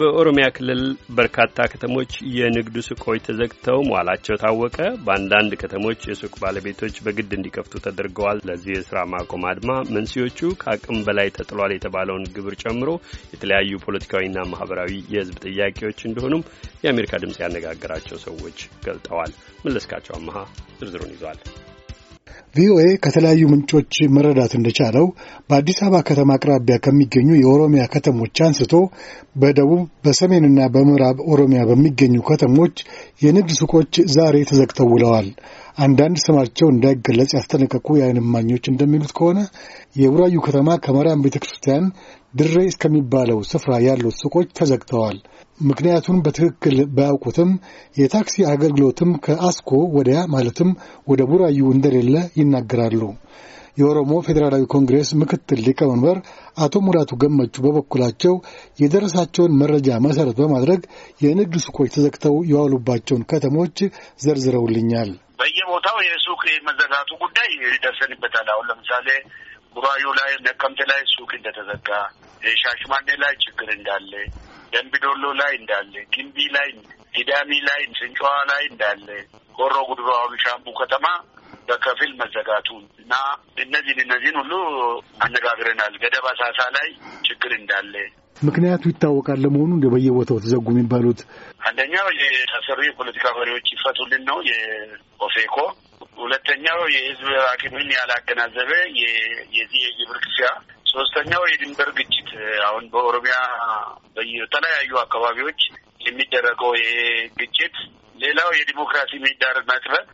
በኦሮሚያ ክልል በርካታ ከተሞች የንግዱ ሱቆች ተዘግተው መዋላቸው ታወቀ። በአንዳንድ ከተሞች የሱቅ ባለቤቶች በግድ እንዲከፍቱ ተደርገዋል። ለዚህ የስራ ማቆም አድማ መንስኤዎቹ ከአቅም በላይ ተጥሏል የተባለውን ግብር ጨምሮ የተለያዩ ፖለቲካዊና ማህበራዊ የህዝብ ጥያቄዎች እንደሆኑም የአሜሪካ ድምፅ ያነጋገራቸው ሰዎች ገልጠዋል። መለስካቸው አመሃ ዝርዝሩን ይዟል። ቪኦኤ ከተለያዩ ምንጮች መረዳት እንደቻለው በአዲስ አበባ ከተማ አቅራቢያ ከሚገኙ የኦሮሚያ ከተሞች አንስቶ በደቡብ በሰሜንና በምዕራብ ኦሮሚያ በሚገኙ ከተሞች የንግድ ሱቆች ዛሬ ተዘግተው ውለዋል። አንዳንድ ስማቸው እንዳይገለጽ ያስጠነቀቁ የዓይን እማኞች እንደሚሉት ከሆነ የቡራዩ ከተማ ከማርያም ቤተ ክርስቲያን ድሬ እስከሚባለው ስፍራ ያሉት ሱቆች ተዘግተዋል። ምክንያቱን በትክክል ባያውቁትም የታክሲ አገልግሎትም ከአስኮ ወዲያ ማለትም ወደ ቡራዩ እንደሌለ ይናገራሉ። የኦሮሞ ፌዴራላዊ ኮንግሬስ ምክትል ሊቀመንበር አቶ ሙራቱ ገመቹ በበኩላቸው የደረሳቸውን መረጃ መሰረት በማድረግ የንግድ ሱቆች ተዘግተው የዋሉባቸውን ከተሞች ዘርዝረውልኛል። በየቦታው የሱቅ መዘጋቱ ጉዳይ ደርሰንበታል። አሁን ለምሳሌ ቡራዩ ላይ፣ ነቀምት ላይ ሱቅ እንደተዘጋ፣ ሻሽማኔ ላይ ችግር እንዳለ፣ ደንቢዶሎ ላይ እንዳለ፣ ግንቢ ላይ፣ ጊዳሚ ላይ፣ ስንጫዋ ላይ እንዳለ፣ ሆሮ ጉድሩ አሁን ሻምቡ ከተማ በከፊል መዘጋቱን እና እነዚህን እነዚህን ሁሉ አነጋግረናል። ገደብ አሳሳ ላይ ችግር እንዳለ ምክንያቱ ይታወቃል። ለመሆኑ እንደ በየቦታው ተዘጉ የሚባሉት አንደኛው የታሰሩ የፖለቲካ መሪዎች ይፈቱልን ነው የኦፌኮ። ሁለተኛው የህዝብ ሐኪምን ያላገናዘበ የዚህ የጅብር ክፍያ ሶስተኛው የድንበር ግጭት አሁን በኦሮሚያ በተለያዩ አካባቢዎች የሚደረገው ይሄ ግጭት፣ ሌላው የዲሞክራሲ ምህዳር መጥበብ፣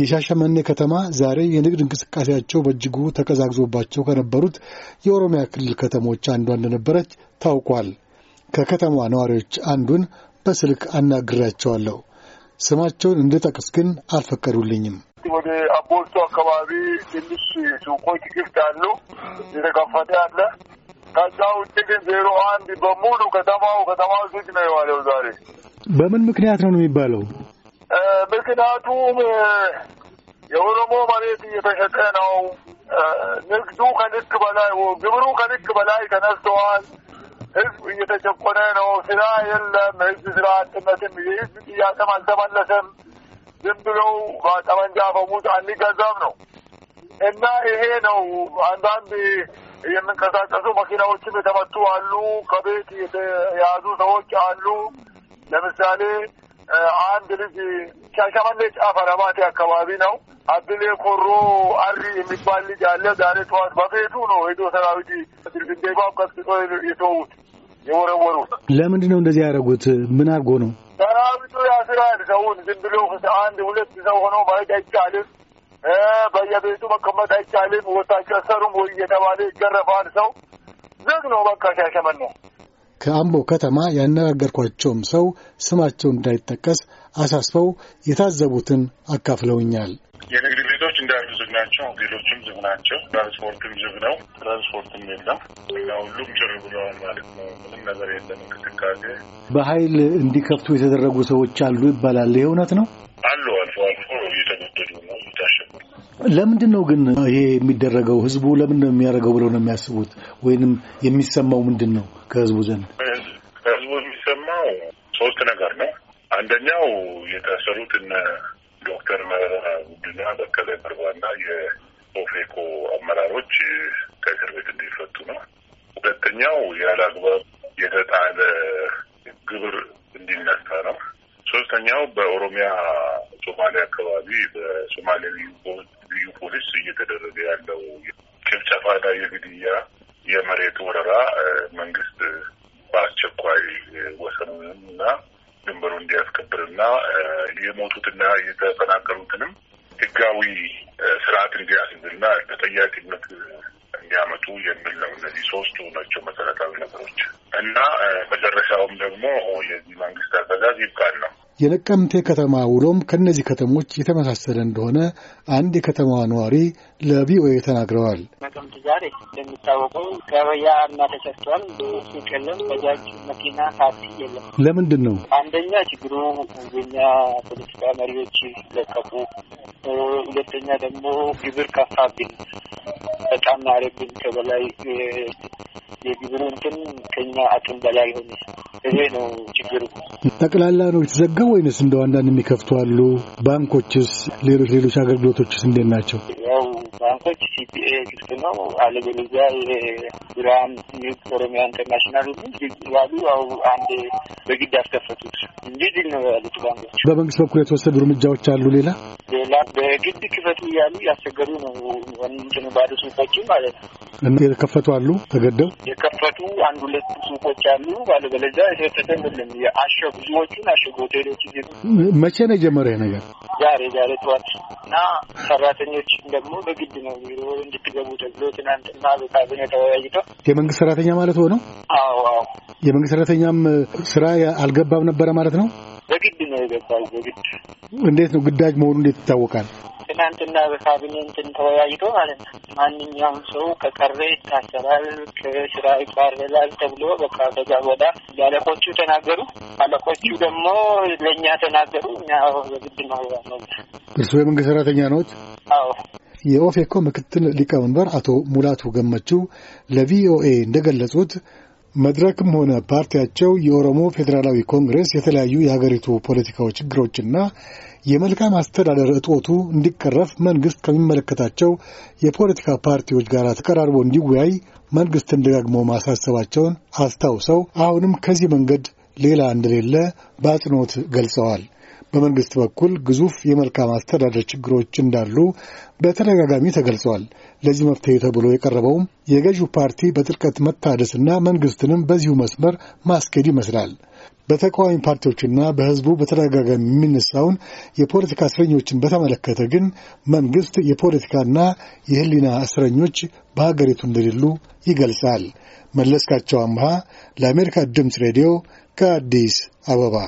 የሻሸመኔ ከተማ ዛሬ የንግድ እንቅስቃሴያቸው በእጅጉ ተቀዛግዞባቸው ከነበሩት የኦሮሚያ ክልል ከተሞች አንዷ እንደነበረች ታውቋል። ከከተማዋ ነዋሪዎች አንዱን በስልክ አናግራቸዋለሁ። ስማቸውን እንድጠቅስ ግን አልፈቀዱልኝም። ወደ አቦልቶ አካባቢ ትንሽ ሱቆች ክፍት አሉ፣ የተከፈተ አለ። ከዛ ውጭ ግን ዜሮ አንድ በሙሉ ከተማው ከተማ ውጭ ነው የዋለው ዛሬ። በምን ምክንያት ነው ነው የሚባለው? ምክንያቱም የኦሮሞ መሬት እየተሸጠ ነው። ንግዱ ከልክ በላይ ግብሩ ከልክ በላይ ተነስተዋል። ህዝብ እየተጨቆነ ነው። ስራ የለም። ህዝብ ስራ አጥነትም የህዝብ ጥያቄም አልተመለሰም። ዝም ብለው በጠመንጃ በሙት አንገዛም ነው እና ይሄ ነው። አንዳንድ የምንቀሳቀሱ መኪናዎችም የተመቱ አሉ። ከቤት የተያዙ ሰዎች አሉ። ለምሳሌ አንድ ልጅ ሻሸመኔ ጫፍ ረባቴ አካባቢ ነው። አብሌ ኮሮ አሪ የሚባል ልጅ አለ። ዛሬ ጠዋት በቤቱ ነው ሄዶ ሰራዊት ድርግንዴባ ቀጥቅጦ የተውት የወረወሩት። ለምንድን ነው እንደዚህ ያደረጉት? ምን አድርጎ ነው ሰራዊቱ ያስራል? ሰውን ዝም ብሎ አንድ ሁለት ሰው ሆኖ ማየት አይቻልም። በየቤቱ መቀመጥ አይቻልም። ወታቸው ሰሩም ወይ እየተባለ ይገረፋል። ሰው ዝግ ነው በቃ ሻሸመኔ ነው። ከአምቦ ከተማ ያነጋገርኳቸውም ሰው ስማቸው እንዳይጠቀስ አሳስበው የታዘቡትን አካፍለውኛል። የንግድ ቤቶች እንዳሉ ዝግ ናቸው። ሌሎችም ዝግ ናቸው። ትራንስፖርትም ዝግ ነው። ትራንስፖርትም የለም እና ሁሉም ጭር ብለዋል ማለት ነው። ምንም ነገር የለም እንቅስቃሴ። በኃይል እንዲከፍቱ የተደረጉ ሰዎች አሉ ይባላል። ይህ እውነት ነው? ለምንድን ነው ግን ይሄ የሚደረገው? ህዝቡ ለምን ነው የሚያደርገው ብለው ነው የሚያስቡት? ወይንም የሚሰማው ምንድን ነው ከህዝቡ ዘንድ? ከህዝቡ የሚሰማው ሶስት ነገር ነው። አንደኛው የታሰሩት እነ ዶክተር መረራ ጉዲና፣ በቀለ ገርባና የኦፌኮ አመራሮች ከእስር ቤት እንዲፈቱ ነው። ሁለተኛው ያለ አግባብ የተጣለ ግብር እንዲነሳ ነው። ሶስተኛው በኦሮሚያ ሶማሌ አካባቢ በሶማሌ በልዩ ፖሊስ እየተደረገ ያለው ጭፍጨፋና የግድያ የመሬት ወረራ መንግስት በአስቸኳይ ወሰኑንም እና ድንበሩ እንዲያስከብርና የሞቱትና የተፈናቀሉትንም ህጋዊ ስርዓት እንዲያስይዝና ተጠያቂነት እንዲያመጡ የሚል ነው። እነዚህ ሶስቱ ናቸው መሰረታዊ ነገሮች እና መጨረሻውም ደግሞ የዚህ መንግስት አገዛዝ ይብቃል። የነቀምቴ ከተማ ውሎም ከእነዚህ ከተሞች የተመሳሰለ እንደሆነ አንድ የከተማዋ ነዋሪ ለቪኦኤ ተናግረዋል። ነቀምት ዛሬ እንደሚታወቀው ገበያ እና ተሰፍቷል። ሱቅ በጃጅ መኪና፣ ታክሲ የለም። ለምንድን ነው? አንደኛ ችግሩ የኛ ፖለቲካ መሪዎች ለቀቁ፣ ሁለተኛ ደግሞ ግብር ከፋብን በጣም ናረብን ከበላይ የግብሩ እንትን ከኛ አቅም በላይ ሆነ። ይሄ ነው ችግሩ። ጠቅላላ ነው የተዘጋው ወይንስ እንደ አንዳንድ የሚከፍቱ አሉ? ባንኮችስ፣ ሌሎች ሌሎች አገልግሎቶችስ እንዴት ናቸው? ያው ባንኮች ሲፒኤ ክፍት ነው። አለበለዚያ ይሄ ብርሃን ኒውስ ኦሮሚያ ኢንተርናሽናል ያሉ ያው አንድ በግድ ያስከፈቱት እንጂ ድል ነው ያሉት ባንኮች። በመንግስት በኩል የተወሰዱ እርምጃዎች አሉ ሌላ ሌላ በግድ ክፈቱ እያሉ ያስቸገሩ ነው ባዶ ሱቆችን ማለት ነው የከፈቱ አሉ ተገደው የከፈቱ አንድ ሁለት ሱቆች አሉ። ባለበለዚያ የተፈተን የለም። የአሸጉ ብዙዎቹን አሸጉ ሆቴሎች ዜ መቼ ነው የጀመረ ነገር? ዛሬ ዛሬ ጠዋት እና ሰራተኞች ደግሞ በግድ ነው ቢሮ እንድትገቡ ተብሎ ትናንትና በካቢኔ ተወያይተው የመንግስት ሰራተኛ ማለት ሆነው። አዎ አዎ የመንግስት ሰራተኛም ስራ አልገባም ነበረ ማለት ነው። በግድ ነው የገባው። በግድ እንዴት ነው ግዳጅ መሆኑ እንዴት ይታወቃል? ትናንትና በካቢኔ እንትን ተወያይቶ ማለት ነው ማንኛውም ሰው ከቀረ ይታሰራል፣ ከስራ ይባረራል ተብሎ በቃ በዛ ወዳ ያለቆቹ ተናገሩ። አለቆቹ ደግሞ ለእኛ ተናገሩ። እኛ በግድ ነው ያለው። እርስዎ የመንግስት ሰራተኛ ነዎት? አዎ። የኦፌኮ ምክትል ሊቀመንበር አቶ ሙላቱ ገመቹ ለቪኦኤ እንደገለጹት መድረክም ሆነ ፓርቲያቸው የኦሮሞ ፌዴራላዊ ኮንግሬስ የተለያዩ የሀገሪቱ ፖለቲካዊ ችግሮችና የመልካም አስተዳደር እጦቱ እንዲቀረፍ መንግስት ከሚመለከታቸው የፖለቲካ ፓርቲዎች ጋር ተቀራርቦ እንዲወያይ መንግስትን ደጋግሞ ማሳሰባቸውን አስታውሰው አሁንም ከዚህ መንገድ ሌላ እንደሌለ በአጽንኦት ገልጸዋል። በመንግስት በኩል ግዙፍ የመልካም አስተዳደር ችግሮች እንዳሉ በተደጋጋሚ ተገልጸዋል። ለዚህ መፍትሄ ተብሎ የቀረበውም የገዢው ፓርቲ በጥልቀት መታደስና መንግስትንም በዚሁ መስመር ማስኬድ ይመስላል። በተቃዋሚ ፓርቲዎችና በህዝቡ በተደጋጋሚ የሚነሳውን የፖለቲካ እስረኞችን በተመለከተ ግን መንግስት የፖለቲካና የህሊና እስረኞች በሀገሪቱ እንደሌሉ ይገልጻል። መለስካቸው አምሃ ለአሜሪካ ድምፅ ሬዲዮ ከአዲስ አበባ